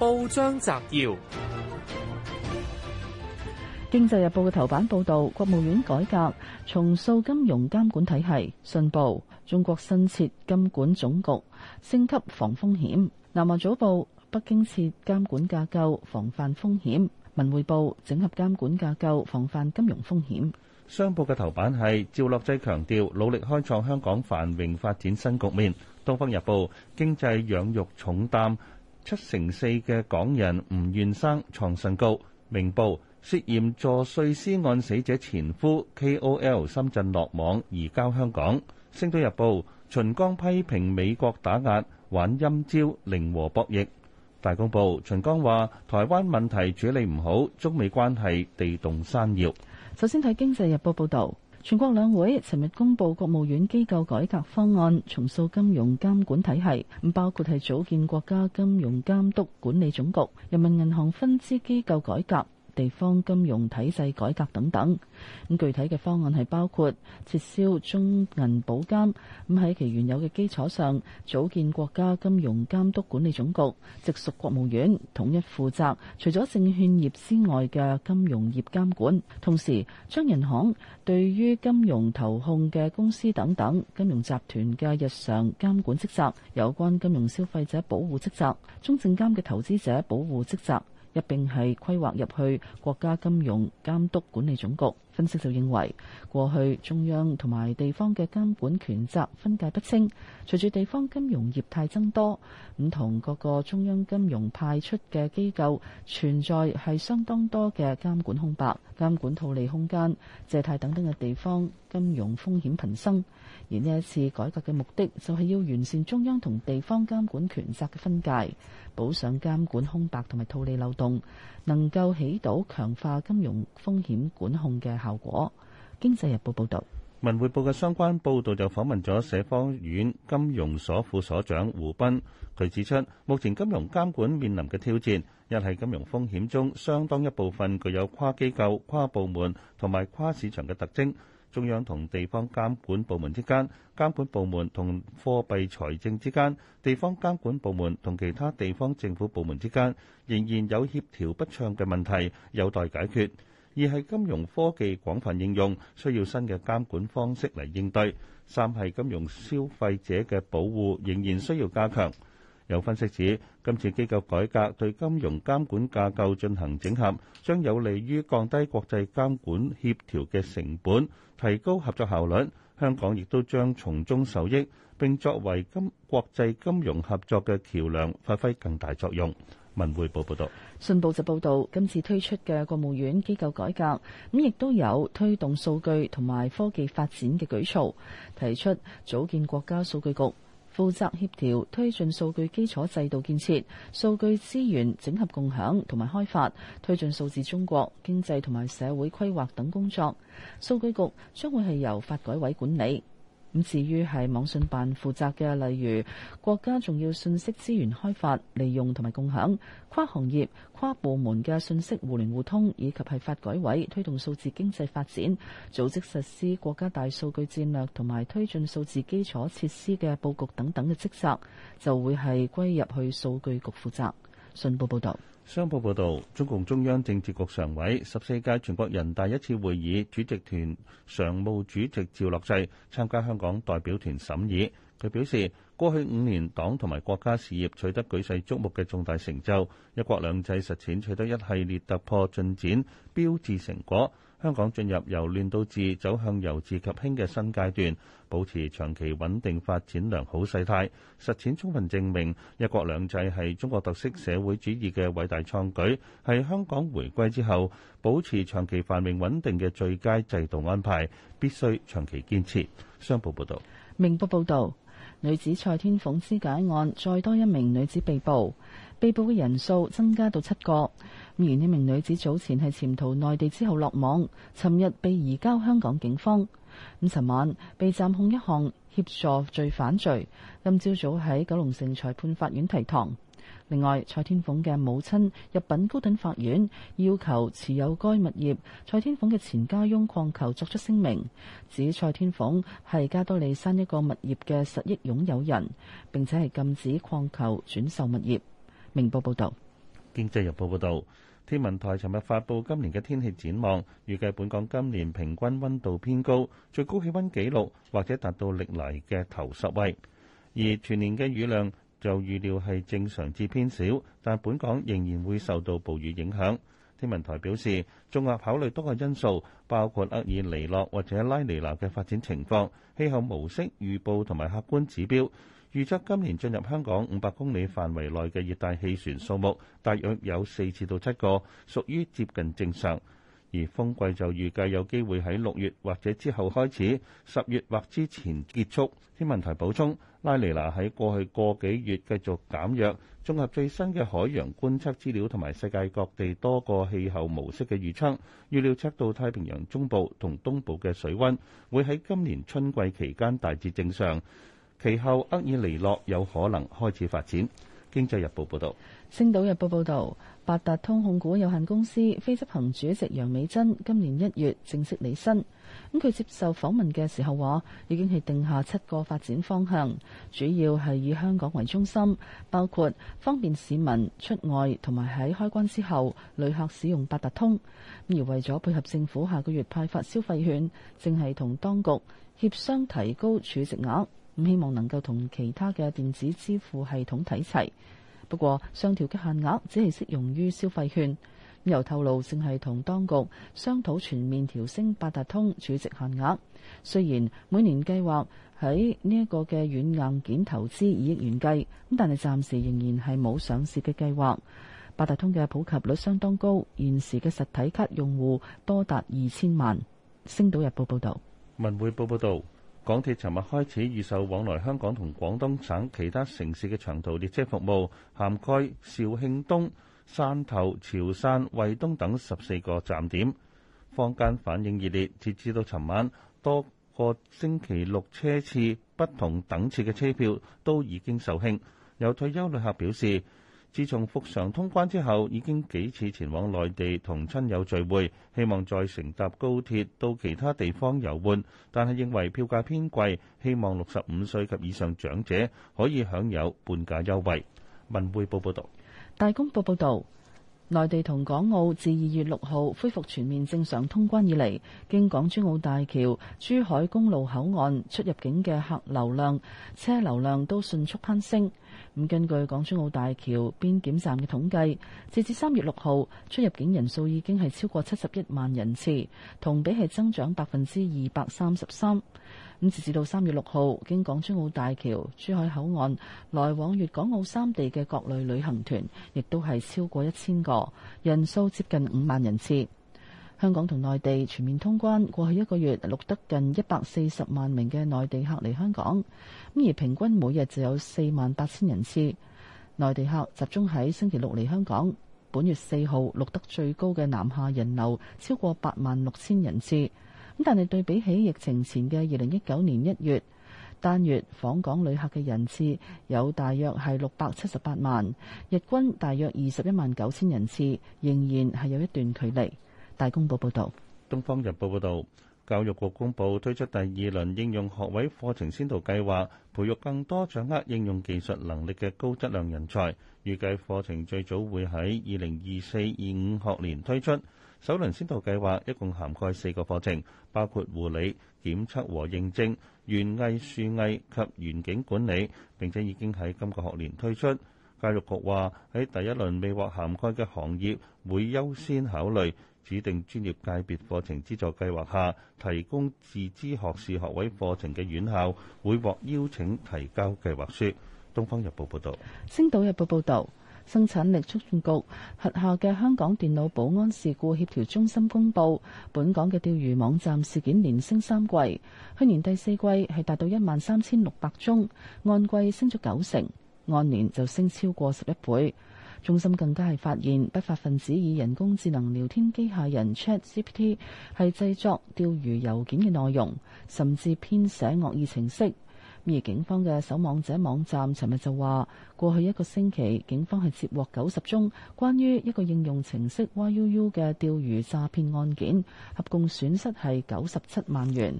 報章摘要：經濟日報嘅頭版報道，國務院改革重塑金融監管體系，信報中國新設監管總局，升級防風險。南華早報北京設監管架構，防範風險。文匯報整合監管架構，防範金融風險。商報嘅頭版係趙樂際強調，努力開創香港繁榮發展新局面。東方日報經濟養育重擔。七成四嘅港人唔願生創新高。明報，涉嫌助碎屍案死者前夫 KOL 深圳落網，移交香港。星島日報，秦剛批評美國打壓玩陰招，零和博弈。大公報秦剛話台灣問題處理唔好，中美關係地動山搖。首先睇經濟日報報道。全國兩會尋日公布國務院機構改革方案，重塑金融監管體系，咁包括係組建國家金融監督管理總局、人民銀行分支機構改革。地方金融體制改革等等，咁具體嘅方案係包括撤銷中銀保監，咁喺其原有嘅基礎上，組建國家金融監督管理總局，直屬國務院，統一負責除咗證券業之外嘅金融業監管，同時將銀行對於金融投控嘅公司等等、金融集團嘅日常監管職責、有關金融消費者保護職責、中證監嘅投資者保護職責。一併係規劃入去國家金融監督管理總局。分析就認為，過去中央同埋地方嘅監管權責分界不清，隨住地方金融業態增多，唔同各個中央金融派出嘅機構存在係相當多嘅監管空白、監管套利空間、借貸等等嘅地方金融風險頻生。而呢一次改革嘅目的就係要完善中央同地方監管權責嘅分界，補上監管空白同埋套利漏洞。能夠起到強化金融風險管控嘅效果。經濟日報報道，文匯報嘅相關報導就訪問咗社科院金融所副所長胡斌，佢指出目前金融監管面臨嘅挑戰，又係金融風險中相當一部分具有跨機構、跨部門同埋跨市場嘅特徵。中央同地方監管部門之間、監管部門同貨幣財政之間、地方監管部門同其他地方政府部門之間，仍然有協調不暢嘅問題有待解決。二係金融科技廣泛應用，需要新嘅監管方式嚟應對。三係金融消費者嘅保護仍然需要加強。有分析指，今次機構改革對金融監管架構進行整合，將有利於降低國際監管協調嘅成本，提高合作效率。香港亦都將從中受益，並作為金國際金融合作嘅橋樑，發揮更大作用。文匯報報道，信報就報道今次推出嘅國務院機構改革，咁亦都有推動數據同埋科技發展嘅舉措，提出組建國家數據局。負責協調推進數據基礎制度建設、數據資源整合共享同埋開發，推進數字中國經濟同埋社會規劃等工作。數據局將會係由發改委管理。咁至於係網信辦負責嘅，例如國家重要信息資源開發、利用同埋共享、跨行業、跨部門嘅信息互聯互通，以及係發改委推動數字經濟發展、組織實施國家大數據戰略同埋推進數字基礎設施嘅佈局等等嘅職責，就會係歸入去數據局負責。信報報道。商報報道，中共中央政治局常委、十四屆全國人大一次會議主席團常務主席趙樂際參加香港代表團審議。佢表示，過去五年，黨同埋國家事業取得舉世矚目嘅重大成就，一國兩制實踐取得一系列突破進展、標誌成果。香港進入由亂到治、走向由治及興嘅新階段，保持長期穩定發展良好勢態，實踐充分證明一國兩制係中國特色社會主義嘅偉大創舉，係香港回歸之後保持長期繁榮穩定嘅最佳制度安排，必須長期堅持。商報報道。明報報道。女子蔡天鳳肢解案，再多一名女子被捕，被捕嘅人數增加到七個。而呢名女子早前係潛逃內地之後落網，尋日被移交香港警方。咁尋晚被暫控一項協助罪犯罪，今朝早喺九龍城裁判法院提堂。另外，蔡天鳳嘅母親入稟高等法院，要求持有該物業，蔡天鳳嘅前家翁礦球作出聲明，指蔡天鳳係加多利山一個物業嘅實益擁有人，並且係禁止礦球轉售物業，明報報道。經濟日報報道，天文台尋日發布今年嘅天氣展望，預計本港今年平均溫度偏高，最高氣溫紀錄或者達到歷嚟嘅頭十位，而全年嘅雨量，就預料係正常至偏少，但本港仍然會受到暴雨影響。天文台表示，綜合考慮多個因素，包括厄爾尼諾或者拉尼娜嘅發展情況、氣候模式預報同埋客觀指標，預測今年進入香港五百公里範圍內嘅熱帶氣旋數目，大約有四至到七個，屬於接近正常。而風季就預計有機會喺六月或者之後開始，十月或之前結束。天文台補充，拉尼娜喺過去個幾月繼續減弱。綜合最新嘅海洋觀測資料同埋世界各地多個氣候模式嘅預測，預料測到太平洋中部同東部嘅水溫會喺今年春季期間大致正常，其後厄爾尼諾有可能開始發展。經濟日報報道。星島日報報道。八達通控股有限公司非執行主席楊美珍今年一月正式履新。咁佢接受訪問嘅時候話，已經係定下七個發展方向，主要係以香港為中心，包括方便市民出外同埋喺開關之後旅客使用八達通。而為咗配合政府下個月派發消費券，正係同當局協商提高儲值額。咁希望能夠同其他嘅電子支付系統睇齊。不過上調嘅限額只係適用於消費券。又透露正係同當局商討全面調升八達通儲值限額。雖然每年計劃喺呢一個嘅軟硬件投資以億元計，咁但係暫時仍然係冇上市嘅計劃。八達通嘅普及率相當高，現時嘅實體卡用戶多達二千萬。星島日報報道，文匯報報道。港鐵尋日開始預售往來香港同廣東省其他城市嘅長途列車服務，涵蓋肇慶東、汕頭、潮汕、惠東等十四個站點。坊間反應熱烈，截至到尋晚，多個星期六車次不同等次嘅車票都已經售罄。有退休旅客表示。自從復常通關之後，已經幾次前往內地同親友聚會，希望再乘搭高鐵到其他地方遊玩，但係認為票價偏貴，希望六十五歲及以上長者可以享有半價優惠。文匯報報道：「大公報報道，內地同港澳自二月六號恢復全面正常通關以嚟，經港珠澳大橋、珠海公路口岸出入境嘅客流量、車流量都迅速攀升。咁根據港珠澳大橋邊檢站嘅統計，截至三月六號，出入境人數已經係超過七十一萬人次，同比係增長百分之二百三十三。咁截至到三月六號，經港珠澳大橋、珠海口岸來往粵港澳三地嘅各類旅行團，亦都係超過一千個，人數接近五萬人次。香港同內地全面通關，過去一個月錄得近一百四十萬名嘅內地客嚟香港，咁而平均每日就有四萬八千人次。內地客集中喺星期六嚟香港。本月四號錄得最高嘅南下人流超過八萬六千人次，咁但係對比起疫情前嘅二零一九年一月，單月訪港旅客嘅人次有大約係六百七十八萬，日均大約二十一萬九千人次，仍然係有一段距離。大公報報導，《東方日報》報導，教育局公佈推出第二輪應用學位課程先導計劃，培育更多掌握應用技術能力嘅高質量人才。預計課程最早會喺二零二四二五學年推出。首輪先導計劃一共涵蓋四個課程，包括護理、檢測和認證、園藝、樹藝及園景管理。並且已經喺今個學年推出。教育局話喺第一輪未獲涵蓋嘅行業，會優先考慮。指定專業界別課程資助計劃下提供自資學士學位課程嘅院校會獲邀請提交計劃書。《東方日報》報道。《星島日報》報道，生產力促進局轄下嘅香港電腦保安事故協調中心公佈，本港嘅釣魚網站事件連升三季，去年第四季係達到一萬三千六百宗，按季升咗九成，按年就升超過十一倍。中心更加係發現不法分子以人工智能聊天機械人 ChatGPT 係製作釣魚郵件嘅內容，甚至編寫惡意程式。而警方嘅守網者網站尋日就話過去一個星期，警方係接獲九十宗關於一個應用程式 YUU 嘅釣魚詐騙案件，合共損失係九十七萬元。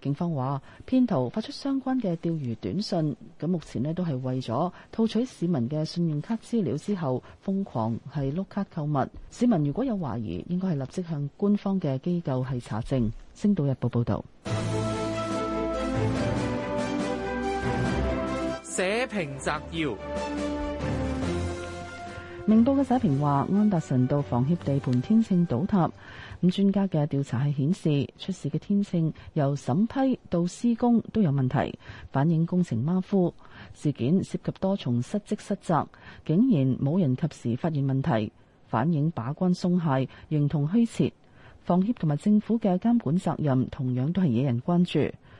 警方話，騙徒發出相關嘅釣魚短信，咁目前呢都係為咗套取市民嘅信用卡資料之後，瘋狂係碌卡購物。市民如果有懷疑，應該係立即向官方嘅機構係查證。星島日報報道。社評摘要。明報嘅社評話，安達臣道房協地盤天秤倒塌，咁專家嘅調查係顯示，出事嘅天秤由審批到施工都有問題，反映工程馬虎。事件涉及多重失職失責，竟然冇人及時發現問題，反映把關鬆懈，形同虛設。房協同埋政府嘅監管責任同樣都係惹人關注。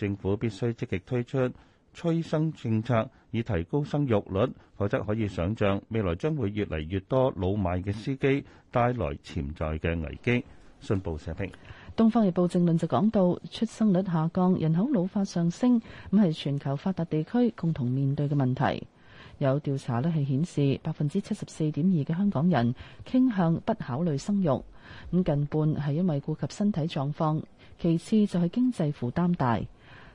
政府必須積極推出催生政策，以提高生育率，否則可以想像未來將會越嚟越多老邁嘅司機，帶來潛在嘅危機。信報社評《東方日報正論》就講到，出生率下降、人口老化上升，咁係全球發達地區共同面對嘅問題。有調查咧係顯示，百分之七十四點二嘅香港人傾向不考慮生育，咁近半係因為顧及身體狀況，其次就係經濟負擔大。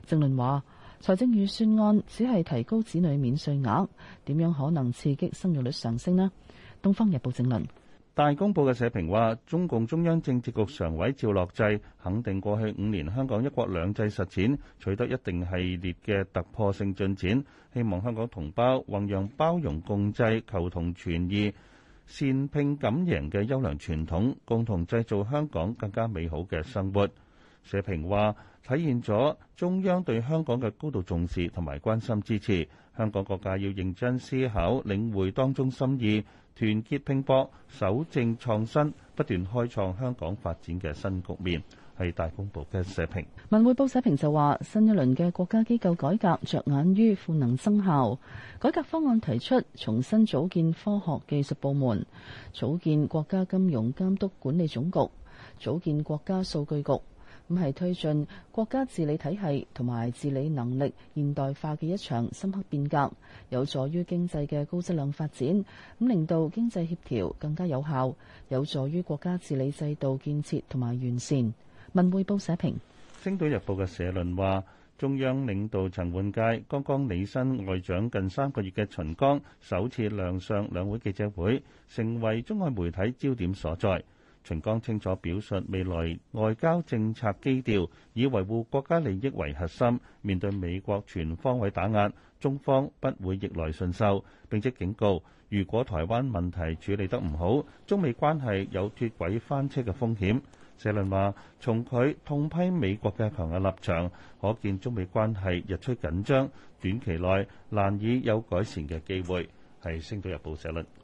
政論話財政預算案只係提高子女免稅額，點樣可能刺激生育率上升呢？東方日報正論。大公報嘅社評話，中共中央政治局常委趙樂際肯定過去五年香港一國兩制實踐取得一定系列嘅突破性進展，希望香港同胞弘揚包容共濟、求同存異、善拼敢贏嘅優良傳統，共同製造香港更加美好嘅生活。社評話，體現咗中央對香港嘅高度重視同埋關心支持，香港各界要認真思考、領會當中心意，團結拼搏、守正創新，不斷開創香港發展嘅新局面。係大公報嘅社評，文匯報社評就話：新一輪嘅國家機構改革着眼於賦能生效，改革方案提出重新組建科學技術部門，組建國家金融監督管理總局，組建國家數據局。咁係推進國家治理體係同埋治理能力現代化嘅一場深刻變革，有助於經濟嘅高質量發展，咁令到經濟協調更加有效，有助於國家治理制度建設同埋完善。文匯報社評，星島日報嘅社論話：中央領導層換屆剛剛履新外長近三個月嘅秦剛，首次亮相兩會記者會，成為中外媒體焦點所在。秦剛清楚表述未來外交政策基調，以維護國家利益為核心。面對美國全方位打壓，中方不會逆來順受。並且警告，如果台灣問題處理得唔好，中美關係有脱軌翻車嘅風險。社論話，從佢痛批美國嘅強硬立場，可見中美關係日趨緊張，短期內難以有改善嘅機會。係星島日報社論。